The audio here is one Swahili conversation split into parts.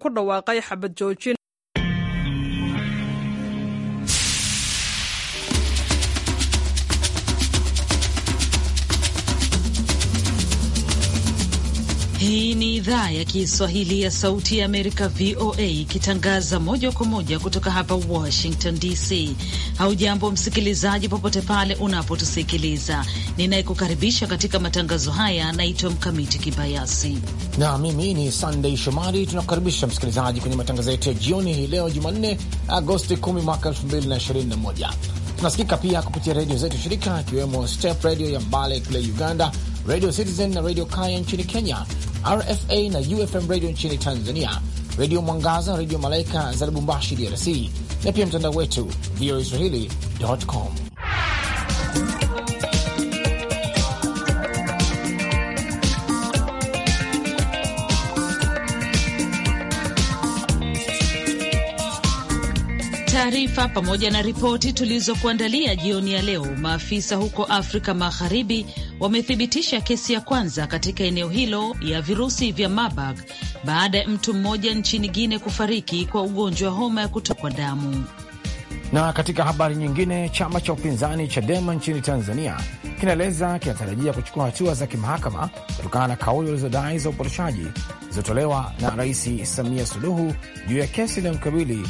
ku dhawaaqay xabad joojin Hii ni idhaa ya Kiswahili ya Sauti ya Amerika, VOA, ikitangaza moja kwa moja kutoka hapa Washington DC. Haujambo msikilizaji, popote pale unapotusikiliza. Ninayekukaribisha katika matangazo haya anaitwa Mkamiti Kibayasi na mimi ni Sandei Shomari. Tunakukaribisha msikilizaji kwenye matangazo yetu ya jioni hii leo Jumanne, Agosti 10 mwaka 2021. Tunasikika pia kupitia redio zetu shirika, ikiwemo Step Redio ya Mbale kule Uganda, Radio Citizen na Radio Kaya nchini Kenya, RFA na UFM Radio nchini Tanzania, Redio Mwangaza na Redio Malaika za Lubumbashi, DRC, na pia mtandao wetu VOA Swahili.com. Taarifa pamoja na ripoti tulizokuandalia jioni ya leo. Maafisa huko Afrika Magharibi wamethibitisha kesi ya kwanza katika eneo hilo ya virusi vya Marburg baada ya mtu mmoja nchini Guine kufariki kwa ugonjwa wa homa ya kutokwa damu. Na katika habari nyingine, chama cha upinzani Chadema nchini Tanzania kinaeleza kinatarajia kuchukua hatua za kimahakama kutokana na kauli walizodai za upotoshaji zilizotolewa na Rais Samia Suluhu juu ya kesi inayomkabili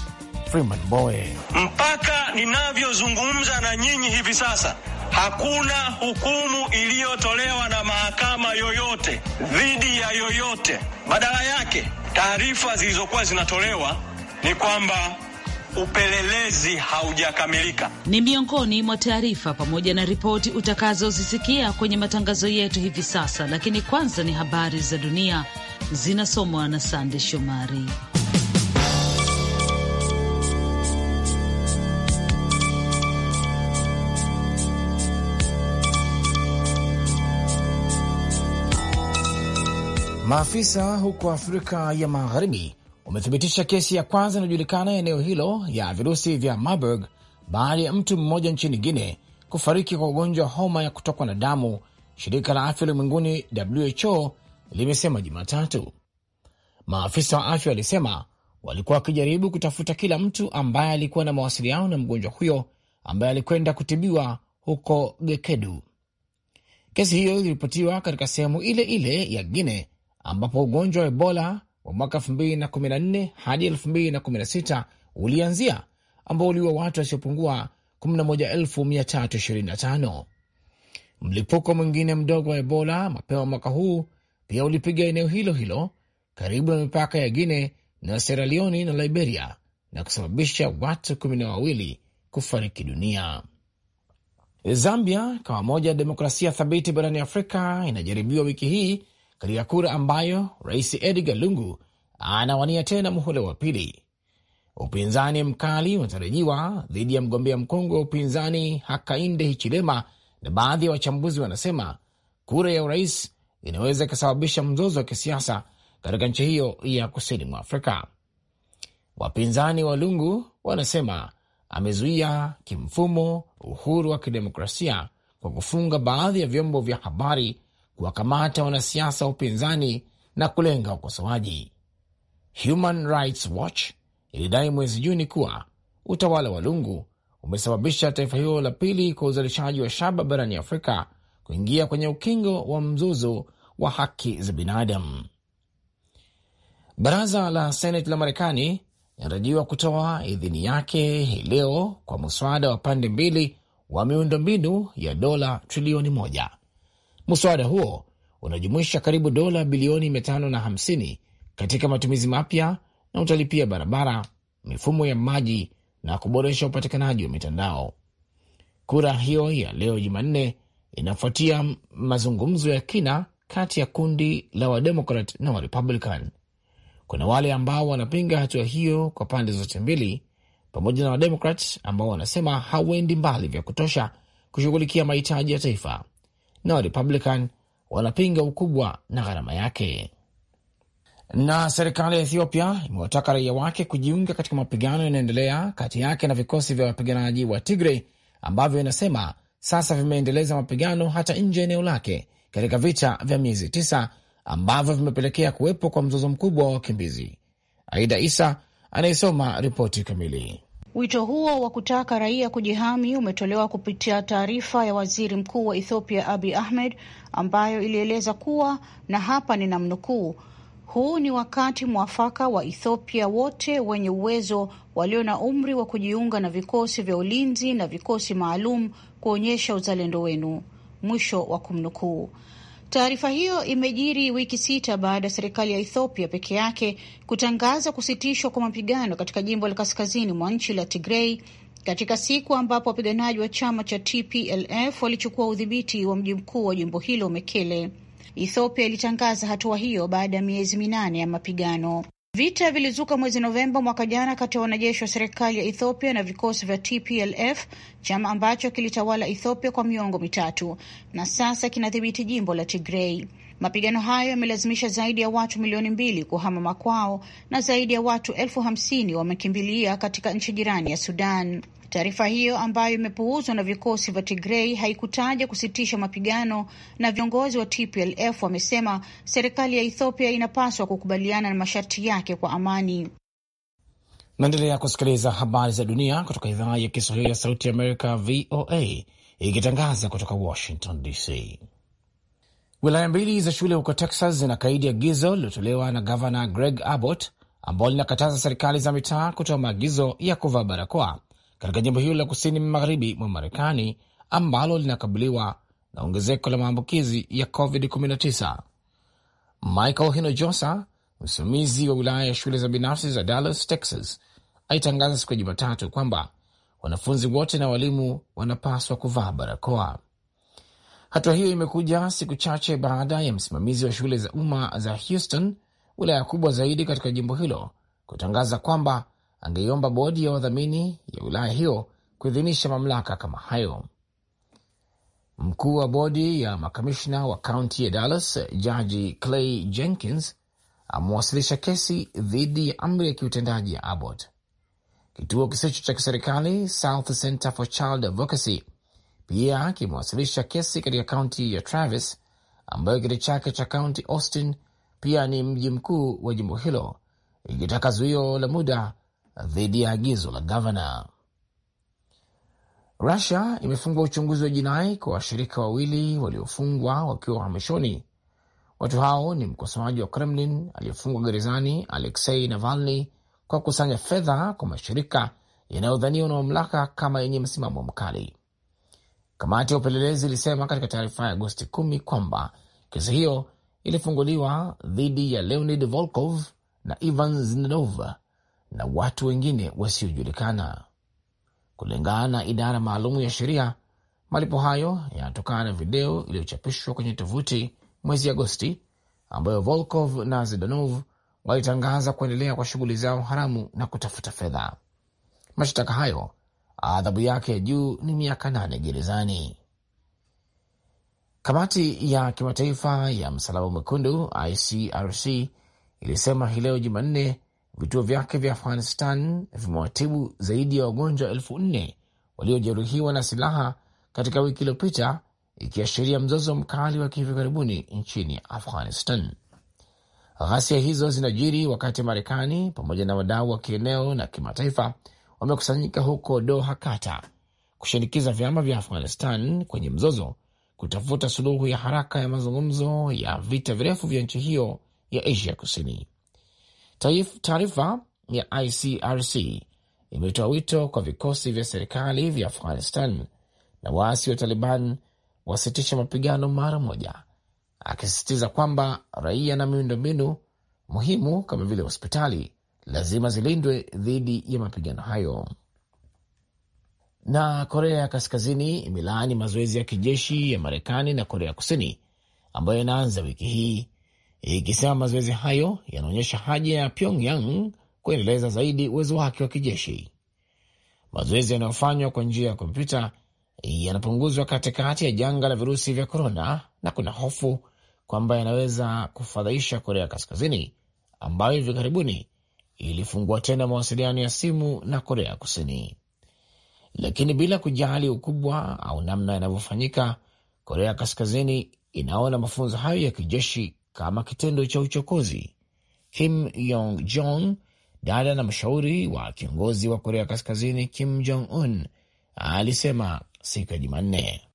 Freeman Mbowe. Mpaka ninavyozungumza na nyinyi hivi sasa Hakuna hukumu iliyotolewa na mahakama yoyote dhidi ya yoyote. Badala yake, taarifa zilizokuwa zinatolewa ni kwamba upelelezi haujakamilika. Ni miongoni mwa taarifa pamoja na ripoti utakazozisikia kwenye matangazo yetu hivi sasa, lakini kwanza ni habari za dunia zinasomwa na Sande Shomari. Maafisa huko Afrika ya Magharibi wamethibitisha kesi ya kwanza inayojulikana eneo hilo ya virusi vya Marburg baada ya mtu mmoja nchini Guine kufariki kwa ugonjwa wa homa ya kutokwa na damu, shirika la afya ulimwenguni WHO limesema Jumatatu. Maafisa wa afya walisema walikuwa wakijaribu kutafuta kila mtu ambaye alikuwa na mawasiliano na mgonjwa huyo ambaye alikwenda kutibiwa huko Gekedu. Kesi hiyo iliripotiwa katika sehemu ile ile ya Guine ambapo ugonjwa wa Ebola wa mwaka 2014 hadi 2016 ulianzia, ambao uliua watu wasiopungua 11325. Mlipuko mwingine mdogo wa Ebola mapema mwaka huu pia ulipiga eneo hilo hilo karibu na mipaka ya Guine na Sierra Leone na Liberia na kusababisha watu kumi na wawili kufariki dunia. Zambia, kama moja ya demokrasia thabiti barani Afrika, inajaribiwa wiki hii katika kura ambayo rais Edgar Lungu anawania tena muhula wa pili. Upinzani mkali unatarajiwa dhidi ya mgombea mkongwe wa upinzani Hakainde Hichilema, na baadhi ya wa wachambuzi wanasema kura ya urais inaweza ikasababisha mzozo wa kisiasa katika nchi hiyo ya kusini mwa Afrika. Wapinzani wa Lungu wanasema amezuia kimfumo uhuru wa kidemokrasia kwa kufunga baadhi ya vyombo vya habari kuwakamata wanasiasa wa upinzani na kulenga ukosoaji. Human Rights Watch ilidai mwezi Juni kuwa utawala wa Lungu umesababisha taifa hilo la pili kwa uzalishaji wa shaba barani Afrika kuingia kwenye ukingo wa mzozo wa haki za binadamu. Baraza la Seneti la Marekani linatarajiwa kutoa idhini yake hii leo kwa muswada wa pande mbili wa miundombinu ya dola trilioni moja Mswada huo unajumuisha karibu dola bilioni 550 katika matumizi mapya na utalipia barabara, mifumo ya maji na kuboresha upatikanaji wa mitandao. Kura hiyo ya leo Jumanne inafuatia mazungumzo ya kina kati ya kundi la Wademokrat na Warepublican. Kuna wale ambao wanapinga hatua hiyo kwa pande zote mbili, pamoja na Wademokrat ambao wanasema hauendi mbali vya kutosha kushughulikia mahitaji ya taifa na Warepublican wanapinga ukubwa na gharama yake. Na serikali ya Ethiopia imewataka raia wake kujiunga katika mapigano yanayoendelea kati yake na vikosi vya wapiganaji wa Tigray ambavyo inasema sasa vimeendeleza mapigano hata nje ya eneo lake katika vita vya miezi tisa ambavyo vimepelekea kuwepo kwa mzozo mkubwa wa wakimbizi. Aida Isa anayesoma ripoti kamili. Wito huo wa kutaka raia kujihami umetolewa kupitia taarifa ya waziri mkuu wa Ethiopia Abiy Ahmed ambayo ilieleza kuwa, na hapa ni namnukuu huu ni wakati mwafaka wa Ethiopia wote wenye uwezo walio na umri wa kujiunga na vikosi vya ulinzi na vikosi maalum kuonyesha uzalendo wenu, mwisho wa kumnukuu. Taarifa hiyo imejiri wiki sita baada ya serikali ya Ethiopia peke yake kutangaza kusitishwa kwa mapigano katika jimbo la kaskazini mwa nchi la Tigrei katika siku ambapo wapiganaji wa chama cha TPLF walichukua udhibiti wa mji mkuu wa jimbo hilo Mekele. Ethiopia ilitangaza hatua hiyo baada ya miezi minane ya mapigano. Vita vilizuka mwezi Novemba mwaka jana kati ya wanajeshi wa serikali ya Ethiopia na vikosi vya TPLF, chama ambacho kilitawala Ethiopia kwa miongo mitatu na sasa kinadhibiti jimbo la Tigrei. Mapigano hayo yamelazimisha zaidi ya watu milioni mbili kuhama makwao na zaidi ya watu elfu hamsini wamekimbilia katika nchi jirani ya Sudan. Taarifa hiyo ambayo imepuuzwa na vikosi vya Tigrei haikutaja kusitisha mapigano, na viongozi wa TPLF wamesema serikali ya Ethiopia inapaswa kukubaliana na masharti yake kwa amani. Naendelea kusikiliza habari za dunia kutoka idhaa ya Kiswahili ya Sauti ya Amerika, VOA, ikitangaza kutoka Washington DC. Wilaya mbili za shule huko Texas zina kaidi agizo lililotolewa na gavana Greg Abbott ambao linakataza serikali za mitaa kutoa maagizo ya kuvaa barakoa katika jimbo hilo la kusini magharibi mwa Marekani ambalo linakabiliwa na ongezeko la maambukizi ya COVID-19. Michael Hinojosa, msimamizi wa wilaya ya shule za binafsi za Dallas, Texas, alitangaza siku ya Jumatatu kwamba wanafunzi wote na walimu wanapaswa kuvaa barakoa. Hatua hiyo imekuja siku chache baada ya msimamizi wa shule za umma za Houston, wilaya kubwa zaidi katika jimbo hilo, kutangaza kwamba angeiomba bodi ya wadhamini ya wilaya hiyo kuidhinisha mamlaka kama hayo. Mkuu wa bodi ya makamishna wa kaunti ya Dallas, Jaji Clay Jenkins amewasilisha kesi dhidi ya amri ya kiutendaji ya Abbott. Kituo kisicho cha kiserikali South Center for Child Advocacy pia kimewasilisha kesi katika kaunti ya Travis ambayo kiti chake cha kaunti Austin pia ni mji mkuu wa jimbo hilo, ikitaka zuio la muda dhidi ya agizo la gavana. Rusia imefungua uchunguzi wa jinai kwa washirika wawili waliofungwa wakiwa uhamishoni. Watu hao ni mkosoaji wa Kremlin aliyefungwa gerezani Aleksei Navalny kwa kusanya fedha kwa mashirika yanayodhaniwa na mamlaka kama yenye msimamo mkali. Kamati ya upelelezi ilisema katika taarifa ya Agosti kumi kwamba kesi hiyo ilifunguliwa dhidi ya Leonid Volkov na Ivan Zinedov na watu wengine wasiojulikana. Kulingana na idara maalum ya sheria, malipo hayo yanatokana na video iliyochapishwa kwenye tovuti mwezi Agosti, ambayo Volkov na Zidanov walitangaza kuendelea kwa shughuli zao haramu na kutafuta fedha. Mashtaka hayo adhabu yake ya juu ni miaka nane gerezani. Kamati ya kimataifa ya Msalaba Mwekundu, ICRC, ilisema hii leo Jumanne Vituo vyake vya Afghanistan vimewatibu zaidi ya wagonjwa elfu nne waliojeruhiwa na silaha katika wiki iliyopita, ikiashiria mzozo mkali wa hivi karibuni nchini Afghanistan. Ghasia hizo zinajiri wakati Marekani pamoja na wadau wa kieneo na kimataifa wamekusanyika huko Doha, Qatar, kushinikiza vyama vya Afghanistan kwenye mzozo kutafuta suluhu ya haraka ya mazungumzo ya vita virefu vya nchi hiyo ya Asia Kusini. Taarifa ya ICRC imetoa wito kwa vikosi vya serikali vya Afghanistan na waasi wa Taliban wasitisha mapigano mara moja, akisisitiza kwamba raia na miundombinu muhimu kama vile hospitali lazima zilindwe dhidi ya mapigano hayo. Na Korea ya Kaskazini imelaani mazoezi ya kijeshi ya Marekani na Korea Kusini ambayo inaanza wiki hii ikisema mazoezi hayo yanaonyesha haja ya Pyongyang kuendeleza zaidi uwezo wake wa kijeshi. Mazoezi yanayofanywa kwa njia ya kompyuta yanapunguzwa katikati ya janga la virusi vya korona, na kuna hofu kwamba yanaweza kufadhaisha Korea Kaskazini ambayo hivi karibuni ilifungua tena mawasiliano ya simu na Korea Kusini. Lakini bila kujali ukubwa au namna yanavyofanyika, Korea Kaskazini inaona mafunzo hayo ya kijeshi kama kitendo cha uchokozi. Kim Yong Jong, dada na mshauri wa kiongozi wa Korea Kaskazini Kim Jong Un, alisema siku ya Jumanne.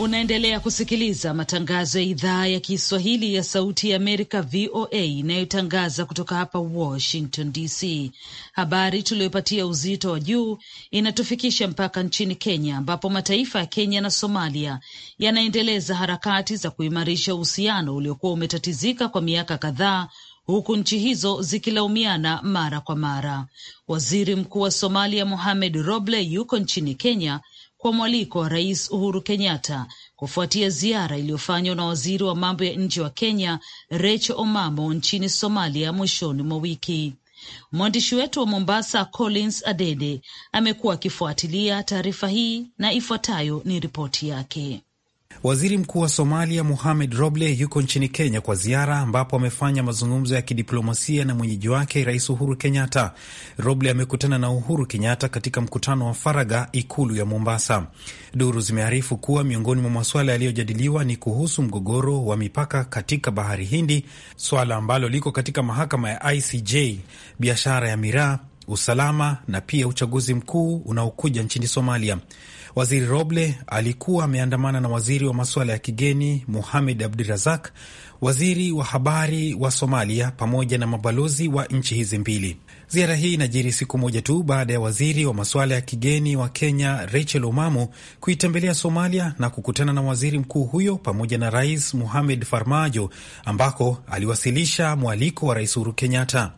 Unaendelea kusikiliza matangazo ya idhaa ya Kiswahili ya Sauti ya Amerika, VOA, inayotangaza kutoka hapa Washington DC. Habari tuliyopatia uzito wa juu inatufikisha mpaka nchini Kenya, ambapo mataifa ya Kenya na Somalia yanaendeleza harakati za kuimarisha uhusiano uliokuwa umetatizika kwa miaka kadhaa huku nchi hizo zikilaumiana mara kwa mara. Waziri Mkuu wa Somalia Mohamed Roble yuko nchini Kenya kwa mwaliko wa Rais Uhuru Kenyatta kufuatia ziara iliyofanywa na waziri wa mambo ya nje wa Kenya rech Omamo nchini Somalia mwishoni mwa wiki. Mwandishi wetu wa Mombasa Collins Adede amekuwa akifuatilia taarifa hii na ifuatayo ni ripoti yake. Waziri Mkuu wa Somalia Mohamed Roble yuko nchini Kenya kwa ziara, ambapo amefanya mazungumzo ya kidiplomasia na mwenyeji wake Rais Uhuru Kenyatta. Roble amekutana na Uhuru Kenyatta katika mkutano wa faraga ikulu ya Mombasa. Duru zimearifu kuwa miongoni mwa masuala yaliyojadiliwa ni kuhusu mgogoro wa mipaka katika bahari Hindi, swala ambalo liko katika mahakama ya ICJ, biashara ya miraa, usalama na pia uchaguzi mkuu unaokuja nchini Somalia. Waziri Roble alikuwa ameandamana na waziri wa masuala ya kigeni Muhamed Abdurazak, waziri wa habari wa Somalia pamoja na mabalozi wa nchi hizi mbili. Ziara hii inajiri siku moja tu baada ya waziri wa masuala ya kigeni wa Kenya Rachel Omamu kuitembelea Somalia na kukutana na waziri mkuu huyo pamoja na Rais Mohamed Farmajo, ambako aliwasilisha mwaliko wa Rais Uhuru Kenyatta.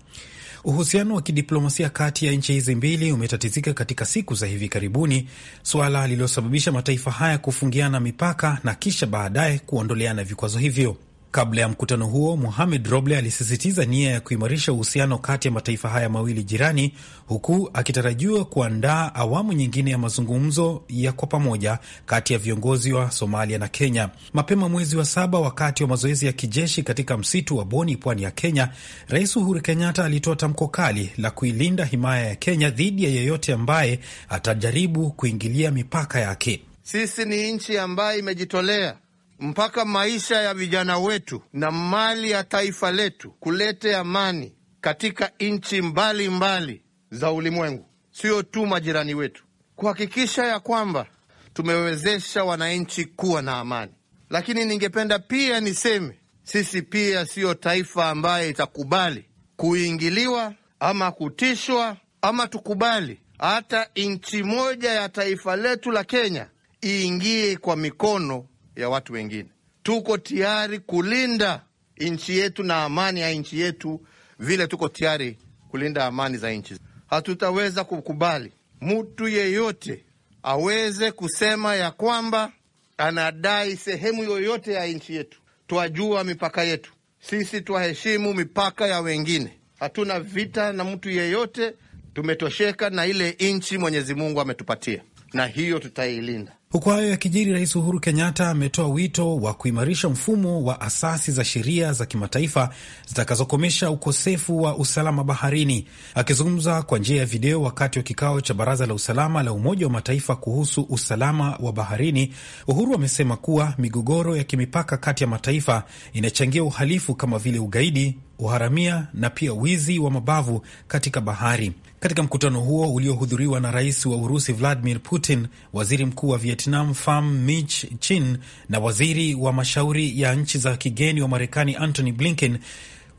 Uhusiano wa kidiplomasia kati ya nchi hizi mbili umetatizika katika siku za hivi karibuni, suala lililosababisha mataifa haya kufungiana mipaka na kisha baadaye kuondoleana vikwazo hivyo. Kabla ya mkutano huo, Mohamed Roble alisisitiza nia ya kuimarisha uhusiano kati ya mataifa haya mawili jirani, huku akitarajiwa kuandaa awamu nyingine ya mazungumzo ya kwa pamoja kati ya viongozi wa Somalia na Kenya. Mapema mwezi wa saba, wakati wa mazoezi ya kijeshi katika msitu wa Boni, pwani ya Kenya, Rais Uhuru Kenyatta alitoa tamko kali la kuilinda himaya ya Kenya dhidi ya yeyote ambaye atajaribu kuingilia mipaka yake. Sisi ni nchi ambayo imejitolea mpaka maisha ya vijana wetu na mali ya taifa letu, kulete amani katika nchi mbalimbali za ulimwengu, sio tu majirani wetu, kuhakikisha ya kwamba tumewezesha wananchi kuwa na amani. Lakini ningependa pia niseme sisi pia siyo taifa ambaye itakubali kuingiliwa ama kutishwa ama tukubali hata nchi moja ya taifa letu la Kenya iingie kwa mikono ya watu wengine. Tuko tayari kulinda nchi yetu na amani ya nchi yetu, vile tuko tayari kulinda amani za nchi. Hatutaweza kukubali mtu yeyote aweze kusema ya kwamba anadai sehemu yoyote ya nchi yetu. Twajua mipaka yetu sisi, twaheshimu mipaka ya wengine. Hatuna vita na mtu yeyote, tumetosheka na ile nchi Mwenyezi Mungu ametupatia, na hiyo tutailinda. Huku hayo yakijiri, Rais Uhuru Kenyatta ametoa wito wa kuimarisha mfumo wa asasi za sheria za kimataifa zitakazokomesha ukosefu wa usalama baharini. Akizungumza kwa njia ya video wakati wa kikao cha Baraza la Usalama la Umoja wa Mataifa kuhusu usalama wa baharini, Uhuru amesema kuwa migogoro ya kimipaka kati ya mataifa inachangia uhalifu kama vile ugaidi, uharamia na pia wizi wa mabavu katika bahari. Katika mkutano huo uliohudhuriwa na rais wa Urusi Vladimir Putin, waziri mkuu wa Vietnam Pham Minh Chinh na waziri wa mashauri ya nchi za kigeni wa Marekani Antony Blinken,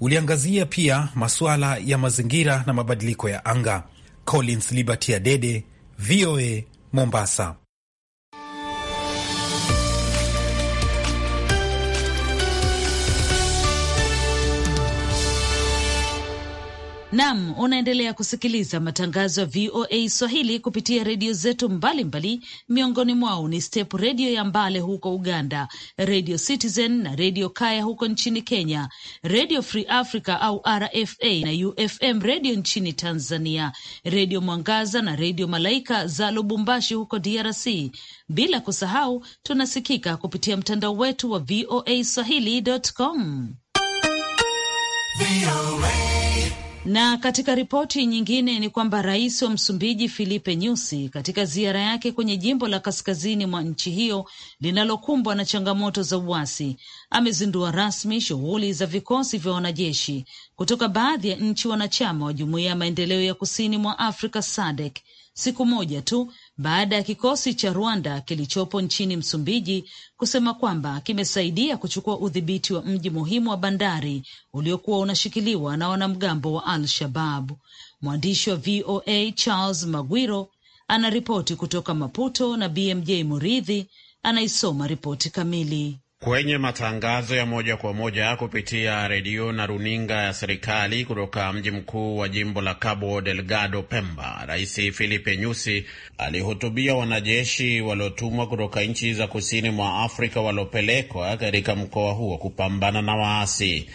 uliangazia pia masuala ya mazingira na mabadiliko ya anga. Collins Liberty Adede, VOA Mombasa. Nam, unaendelea kusikiliza matangazo ya VOA Swahili kupitia redio zetu mbalimbali, miongoni mwao ni Step redio ya Mbale huko Uganda, redio Citizen na redio Kaya huko nchini Kenya, redio Free Africa au RFA na UFM redio nchini Tanzania, redio Mwangaza na redio Malaika za Lubumbashi huko DRC, bila kusahau tunasikika kupitia mtandao wetu wa VOA swahili.com. Na katika ripoti nyingine ni kwamba rais wa Msumbiji Filipe Nyusi katika ziara yake kwenye jimbo la kaskazini mwa nchi hiyo linalokumbwa na changamoto za uasi amezindua rasmi shughuli za vikosi vya wanajeshi kutoka baadhi ya nchi wanachama wa Jumuiya ya Maendeleo ya Kusini mwa Afrika SADC siku moja tu baada ya kikosi cha Rwanda kilichopo nchini Msumbiji kusema kwamba kimesaidia kuchukua udhibiti wa mji muhimu wa bandari uliokuwa unashikiliwa na wanamgambo wa Al-Shabab. Mwandishi wa VOA Charles Magwiro anaripoti kutoka Maputo na BMJ Muridhi anaisoma ripoti kamili kwenye matangazo ya moja kwa moja kupitia redio na runinga ya serikali kutoka mji mkuu wa jimbo la Cabo Delgado, Pemba, Rais Filipe Nyusi alihutubia wanajeshi waliotumwa kutoka nchi za kusini mwa Afrika waliopelekwa katika mkoa huo kupambana na waasi.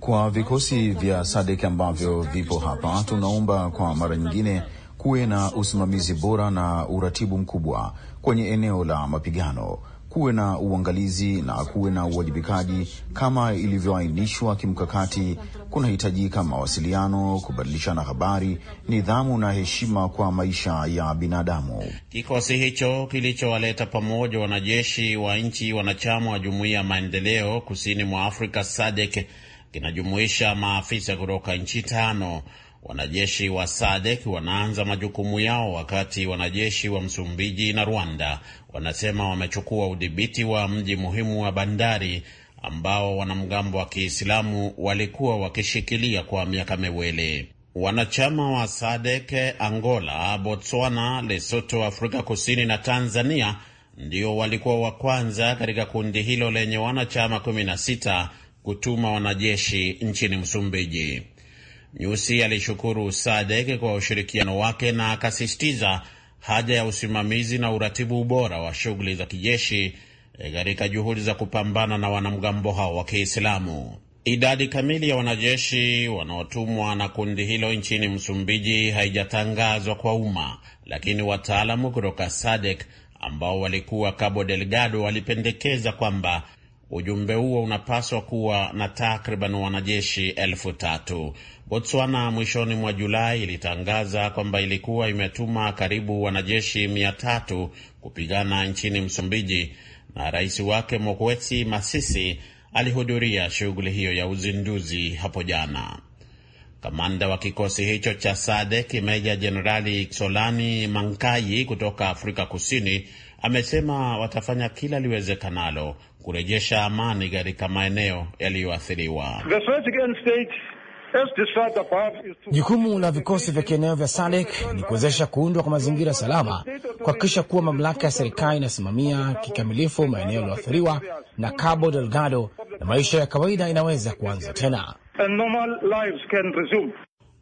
Kwa vikosi vya SADEK ambavyo vipo hapa, tunaomba kwa mara nyingine kuwe na usimamizi bora na uratibu mkubwa kwenye eneo la mapigano, kuwe na uangalizi na kuwe na uwajibikaji kama ilivyoainishwa kimkakati. Kunahitajika mawasiliano, kubadilishana habari, nidhamu na heshima kwa maisha ya binadamu. Kikosi hicho kilichowaleta pamoja wanajeshi wa nchi wanachama wa Jumuiya ya Maendeleo Kusini mwa Afrika SADC kinajumuisha maafisa kutoka nchi tano Wanajeshi wa SADC wanaanza majukumu yao wakati wanajeshi wa Msumbiji na Rwanda wanasema wamechukua udhibiti wa mji muhimu wa bandari ambao wanamgambo wa Kiislamu walikuwa wakishikilia kwa miaka miwili. Wanachama wa SADC Angola, Botswana, Lesotho, Afrika Kusini na Tanzania ndio walikuwa wa kwanza katika kundi hilo lenye wanachama 16 kutuma wanajeshi nchini Msumbiji. Nyusi alishukuru Sadek kwa ushirikiano wake na akasisitiza haja ya usimamizi na uratibu bora wa shughuli za kijeshi eh, katika juhudi za kupambana na wanamgambo hao wa Kiislamu. Idadi kamili ya wanajeshi wanaotumwa na kundi hilo nchini Msumbiji haijatangazwa kwa umma, lakini wataalamu kutoka Sadek ambao walikuwa Cabo Delgado walipendekeza kwamba ujumbe huo unapaswa kuwa na takriban wanajeshi elfu tatu. Botswana mwishoni mwa Julai ilitangaza kwamba ilikuwa imetuma karibu wanajeshi mia tatu kupigana nchini Msumbiji, na rais wake Mokwetsi Masisi alihudhuria shughuli hiyo ya uzinduzi hapo jana. Kamanda wa kikosi hicho cha SADC Meja Jenerali solani Mankayi kutoka Afrika Kusini amesema watafanya kila liwezekanalo kurejesha amani katika maeneo yaliyoathiriwa. Jukumu la vikosi vya kieneo vya SADC ni kuwezesha kuundwa kwa mazingira salama, kuhakikisha kuwa mamlaka ya serikali inasimamia kikamilifu maeneo yaliyoathiriwa na Cabo Delgado na maisha ya kawaida inaweza kuanza tena.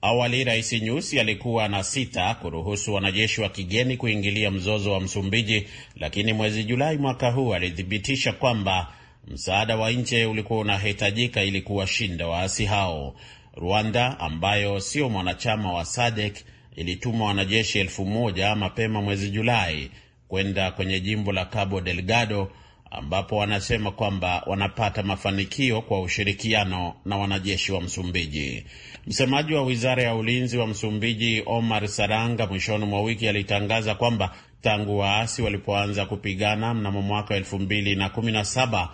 Awali Rais Nyusi alikuwa na sita kuruhusu wanajeshi wa kigeni kuingilia mzozo wa Msumbiji, lakini mwezi Julai mwaka huu alithibitisha kwamba msaada wa nje ulikuwa unahitajika ili kuwashinda waasi hao. Rwanda ambayo sio mwanachama wa SADC ilituma wanajeshi elfu moja mapema mwezi Julai kwenda kwenye jimbo la Cabo Delgado ambapo wanasema kwamba wanapata mafanikio kwa ushirikiano na wanajeshi wa Msumbiji. Msemaji wa wizara ya ulinzi wa Msumbiji, Omar Saranga, mwishoni mwa wiki alitangaza kwamba tangu waasi walipoanza kupigana mnamo mwaka elfu mbili na kumi na saba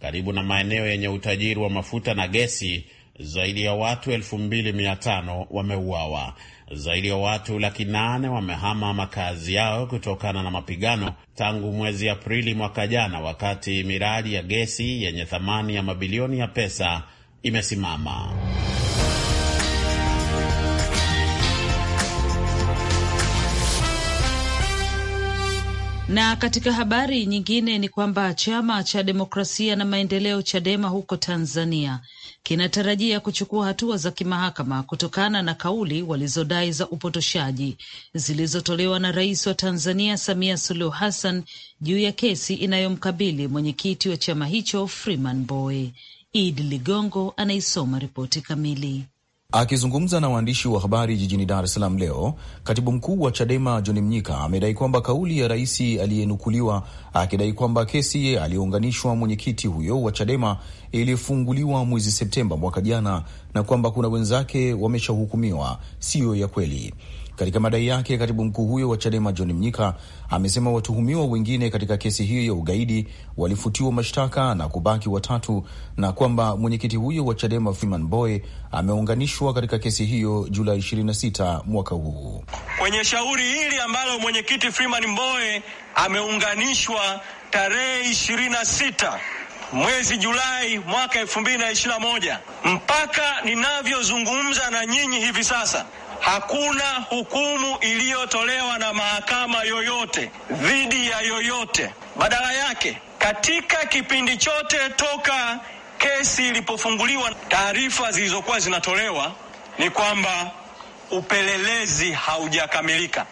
karibu na maeneo yenye utajiri wa mafuta na gesi zaidi ya watu 2500 wameuawa, zaidi ya watu laki nane wamehama makazi yao kutokana na mapigano tangu mwezi Aprili mwaka jana, wakati miradi ya gesi yenye thamani ya mabilioni ya pesa imesimama. Na katika habari nyingine ni kwamba chama cha demokrasia na maendeleo Chadema huko Tanzania kinatarajia kuchukua hatua za kimahakama kutokana na kauli walizodai za upotoshaji zilizotolewa na Rais wa Tanzania Samia Suluhu Hassan juu ya kesi inayomkabili mwenyekiti wa chama hicho Freeman Mbowe. Idi Ligongo anaisoma ripoti kamili. Akizungumza na waandishi wa habari jijini Dar es Salaam leo, katibu mkuu wa CHADEMA John Mnyika amedai kwamba kauli ya rais aliyenukuliwa akidai kwamba kesi aliyounganishwa mwenyekiti huyo wa CHADEMA ilifunguliwa mwezi Septemba mwaka jana na kwamba kuna wenzake wameshahukumiwa siyo ya kweli. Katika madai yake, katibu mkuu huyo wa Chadema John Mnyika amesema watuhumiwa wengine katika kesi hiyo ya ugaidi walifutiwa mashtaka na kubaki watatu, na kwamba mwenyekiti huyo wa Chadema Freeman Boy ameunganishwa katika kesi hiyo Julai 26 mwaka huu. Kwenye shauri hili ambalo mwenyekiti Freeman Boy ameunganishwa tarehe 26 mwezi Julai mwaka elfu mbili na ishirini na moja mpaka ninavyozungumza na nyinyi hivi sasa Hakuna hukumu iliyotolewa na mahakama yoyote dhidi ya yoyote. Badala yake, katika kipindi chote toka kesi ilipofunguliwa, taarifa zilizokuwa zinatolewa ni kwamba upelelezi haujakamilika,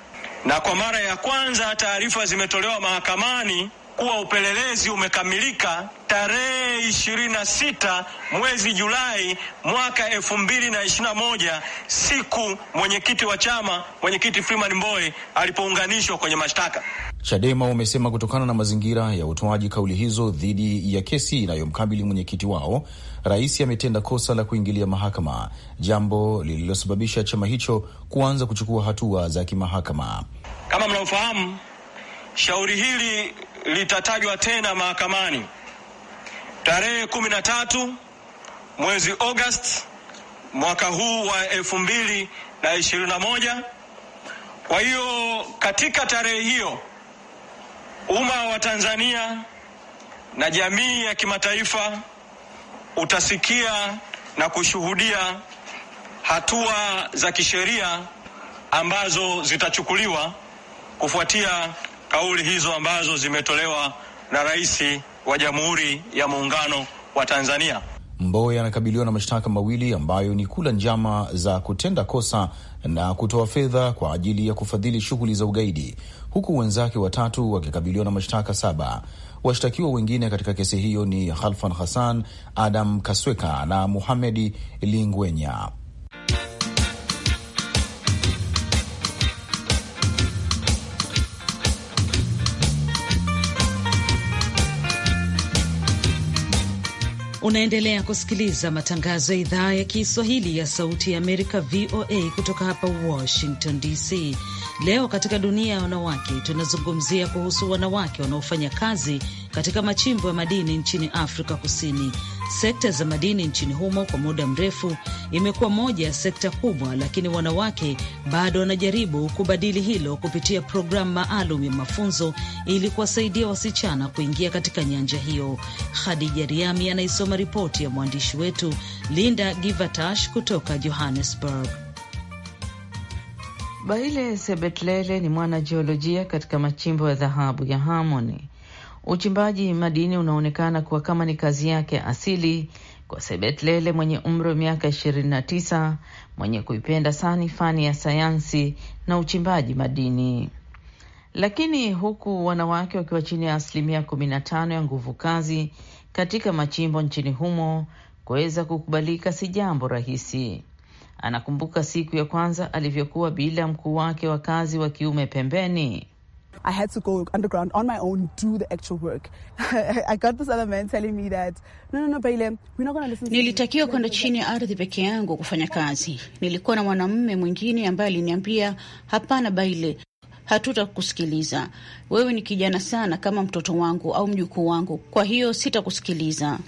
na kwa mara ya kwanza taarifa zimetolewa mahakamani kuwa upelelezi umekamilika tarehe ishirini na sita mwezi Julai mwaka elfu mbili na ishirini na moja siku mwenyekiti wa chama mwenyekiti Freeman Mbowe alipounganishwa kwenye mashtaka. Chadema umesema kutokana na mazingira ya utoaji kauli hizo dhidi ya kesi inayomkabili mwenyekiti wao, rais ametenda kosa la kuingilia mahakama, jambo lililosababisha chama hicho kuanza kuchukua hatua za kimahakama. Kama mnavyofahamu, shauri hili litatajwa tena mahakamani Tarehe kumi na tatu mwezi August mwaka huu wa elfu mbili na ishirini na moja. Kwa hiyo katika tarehe hiyo umma wa Tanzania na jamii ya kimataifa utasikia na kushuhudia hatua za kisheria ambazo zitachukuliwa kufuatia kauli hizo ambazo zimetolewa na rais wa Jamhuri ya Muungano wa Tanzania. mboye anakabiliwa na mashtaka mawili ambayo ni kula njama za kutenda kosa na kutoa fedha kwa ajili ya kufadhili shughuli za ugaidi, huku wenzake watatu wakikabiliwa na mashtaka saba. Washtakiwa wengine katika kesi hiyo ni Khalfan Hassan, Adam Kasweka na Muhamedi Lingwenya. Unaendelea kusikiliza matangazo ya idhaa ya Kiswahili ya Sauti ya Amerika, VOA, kutoka hapa Washington DC. Leo katika dunia ya wanawake tunazungumzia kuhusu wanawake wanaofanya kazi katika machimbo ya madini nchini Afrika Kusini. Sekta za madini nchini humo kwa muda mrefu imekuwa moja ya sekta kubwa, lakini wanawake bado wanajaribu kubadili hilo kupitia programu maalum ya mafunzo ili kuwasaidia wasichana kuingia katika nyanja hiyo. Khadija Riami anaisoma ripoti ya mwandishi wetu Linda Givatash kutoka Johannesburg. baile Sebetlele ni mwanajiolojia katika machimbo ya dhahabu ya Harmony. Uchimbaji madini unaonekana kuwa kama ni kazi yake ya asili kwa Sebetlele mwenye umri wa miaka 29 mwenye kuipenda sani fani ya sayansi na uchimbaji madini. Lakini huku wanawake wakiwa chini ya asilimia 15 ya nguvu kazi katika machimbo nchini humo, kuweza kukubalika si jambo rahisi. Anakumbuka siku ya kwanza alivyokuwa bila mkuu wake wa kazi wa kiume pembeni. I had to go underground on my own, do the actual work. I got this other man telling me that, no, no, no, Baile, we're not going to listen to Nilitakiwa kwenda chini ya ardhi peke yangu kufanya kazi. Nilikuwa na mwanamume mwingine ambaye aliniambia, hapana Baile, hatutakusikiliza. Wewe ni kijana sana kama mtoto wangu au mjukuu wangu, kwa hiyo sitakusikiliza.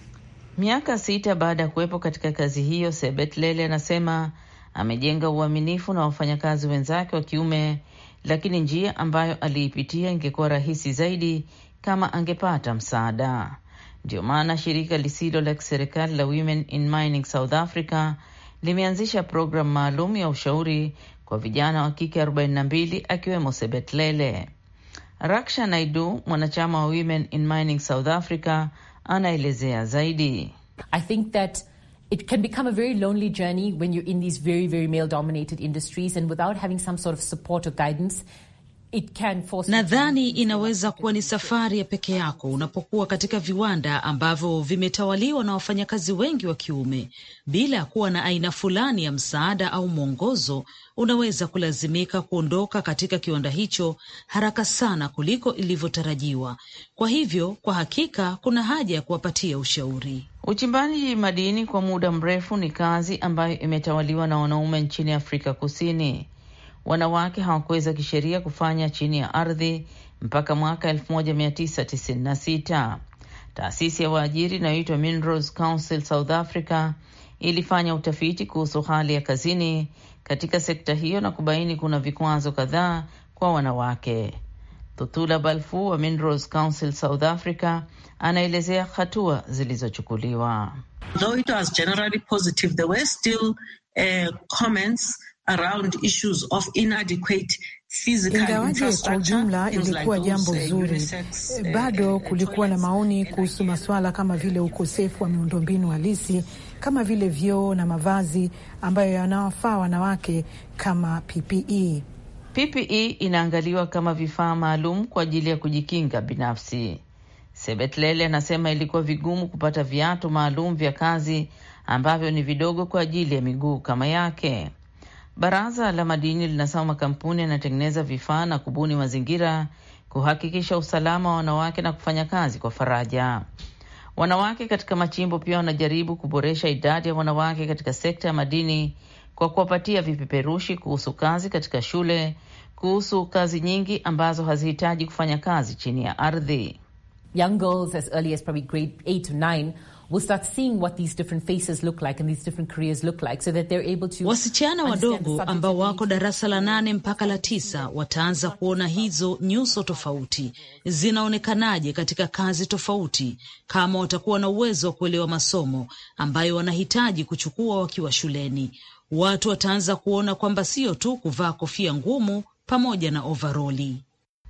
Miaka sita baada ya kuwepo katika kazi hiyo, Sebet Lele anasema amejenga uaminifu na wafanyakazi wenzake wa kiume lakini njia ambayo aliipitia ingekuwa rahisi zaidi kama angepata msaada. Ndiyo maana shirika lisilo la kiserikali la Women in Mining South Africa limeanzisha programu maalum ya ushauri kwa vijana wa kike 42 akiwemo Sebetlele. Raksha Naidu, mwanachama wa Women in Mining South Africa, anaelezea zaidi. I think that it can become a very lonely journey when you're in these very, very male dominated industries and without having some sort of support or guidance, Nadhani inaweza kuwa ni safari ya peke yako unapokuwa katika viwanda ambavyo vimetawaliwa na wafanyakazi wengi wa kiume. Bila kuwa na aina fulani ya msaada au mwongozo, unaweza kulazimika kuondoka katika kiwanda hicho haraka sana kuliko ilivyotarajiwa. Kwa hivyo, kwa hakika kuna haja ya kuwapatia ushauri. Uchimbaji madini kwa muda mrefu ni kazi ambayo imetawaliwa na wanaume nchini Afrika Kusini wanawake hawakuweza kisheria kufanya chini ya ardhi mpaka mwaka 1996. Taasisi ya waajiri inayoitwa Minerals Council South Africa ilifanya utafiti kuhusu hali ya kazini katika sekta hiyo na kubaini kuna vikwazo kadhaa kwa wanawake. Thuthula Balfu wa Minerals Council South Africa anaelezea hatua zilizochukuliwa. Though it was generally positive, there were still uh, comments around issues of inadequate ingawaje kwa ujumla ilikuwa jambo uh, zuri, eh, uh, bado uh, kulikuwa na maoni kuhusu masuala kama vile ukosefu wa miundombinu halisi kama vile vyoo na mavazi ambayo yanawafaa wanawake kama PPE. PPE inaangaliwa kama vifaa maalum kwa ajili ya kujikinga binafsi. Sebetlele anasema ilikuwa vigumu kupata viatu maalum vya kazi ambavyo ni vidogo kwa ajili ya miguu kama yake. Baraza la madini linasema makampuni yanatengeneza vifaa na kubuni mazingira kuhakikisha usalama wa wanawake na kufanya kazi kwa faraja. Wanawake katika machimbo pia wanajaribu kuboresha idadi ya wanawake katika sekta ya madini kwa kuwapatia vipeperushi kuhusu kazi katika shule, kuhusu kazi nyingi ambazo hazihitaji kufanya kazi chini ya ardhi. Young girls as early as probably grade 8 to 9 will start seeing what these different faces look like and these different careers look like so that they're able to. Wasichana wadogo ambao wako darasa la nane mpaka la tisa wataanza kuona hizo nyuso tofauti zinaonekanaje katika kazi tofauti, kama watakuwa na uwezo wa kuelewa masomo ambayo wanahitaji kuchukua wakiwa shuleni. Watu wataanza kuona kwamba sio tu kuvaa kofia ngumu pamoja na overoli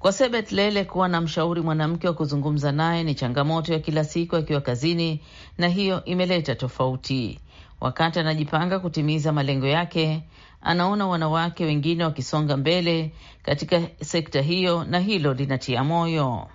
kwa Sebet Lele, kuwa na mshauri mwanamke wa kuzungumza naye ni changamoto ya kila siku akiwa kazini, na hiyo imeleta tofauti. Wakati anajipanga kutimiza malengo yake, anaona wanawake wengine wakisonga mbele katika sekta hiyo, na hilo linatia moyo.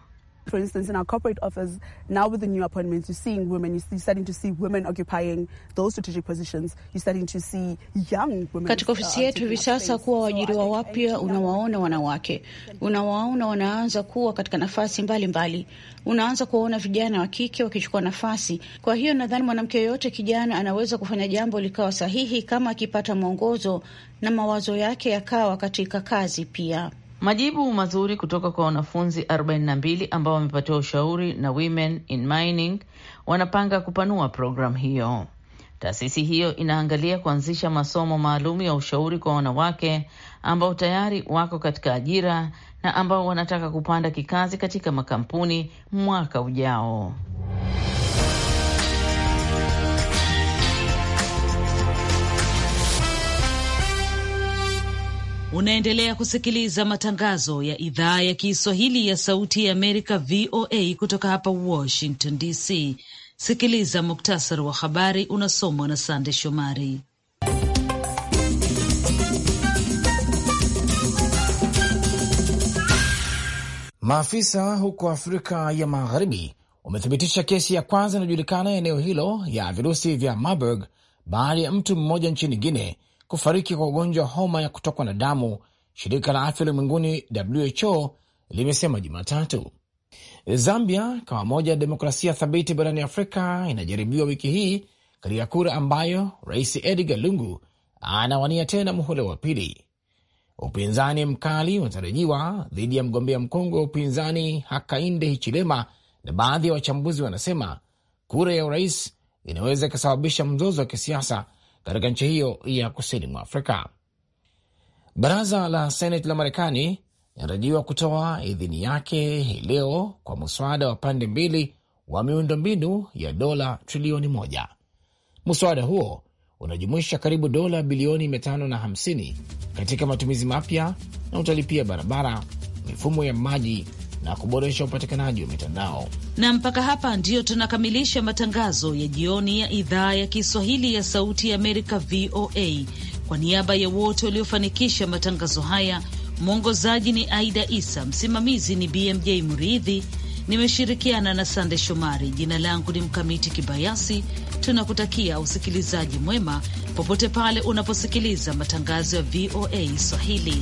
For instance, in our corporate office, now with the new appointments, you're seeing women, you're starting to see women occupying those strategic positions, you're starting to see young women. Katika ofisi uh, yetu hivi sasa, kuwa waajiriwa wapya unawaona wanawake, unawaona wanaanza kuwa katika nafasi mbalimbali mbali. Unaanza kuwaona vijana wa kike wakichukua nafasi. Kwa hiyo nadhani mwanamke yoyote kijana anaweza kufanya jambo likawa sahihi kama akipata mwongozo na mawazo yake yakawa katika kazi pia. Majibu mazuri kutoka kwa wanafunzi 42 ambao wamepatiwa ushauri na Women in Mining wanapanga kupanua programu hiyo. Taasisi hiyo inaangalia kuanzisha masomo maalum ya ushauri kwa wanawake ambao tayari wako katika ajira na ambao wanataka kupanda kikazi katika makampuni mwaka ujao. Unaendelea kusikiliza matangazo ya idhaa ya Kiswahili ya Sauti ya Amerika, VOA, kutoka hapa Washington DC. Sikiliza muktasari wa habari unasomwa na Sande Shomari. Maafisa huko Afrika ya Magharibi wamethibitisha kesi ya kwanza inayojulikana eneo hilo ya virusi vya Marburg baada ya mtu mmoja nchini Guine kufariki kwa ugonjwa wa homa ya kutokwa na damu, shirika la afya ulimwenguni WHO limesema Jumatatu. Zambia kama moja ya demokrasia thabiti barani Afrika inajaribiwa wiki hii katika kura ambayo rais Edgar Lungu anawania tena muhula wa pili. Upinzani mkali unatarajiwa dhidi ya mgombea mkongwe wa upinzani Hakainde Hichilema, na baadhi ya wa wachambuzi wanasema kura ya urais inaweza ikasababisha mzozo wa kisiasa katika nchi hiyo ya kusini mwa Afrika. Baraza la Seneti la Marekani inatarajiwa kutoa idhini yake hii leo kwa muswada wa pande mbili wa miundombinu ya dola trilioni moja. Muswada huo unajumuisha karibu dola bilioni 550 katika matumizi mapya na utalipia barabara, mifumo ya maji na kuboresha upatikanaji wa mitandao. Na mpaka hapa ndiyo tunakamilisha matangazo ya jioni ya idhaa ya Kiswahili ya Sauti ya Amerika, VOA. Kwa niaba ya wote waliofanikisha matangazo haya, mwongozaji ni Aida Isa, msimamizi ni BMJ Muridhi, nimeshirikiana na Sande Shomari. Jina langu ni Mkamiti Kibayasi. Tunakutakia usikilizaji mwema popote pale unaposikiliza matangazo ya VOA Swahili.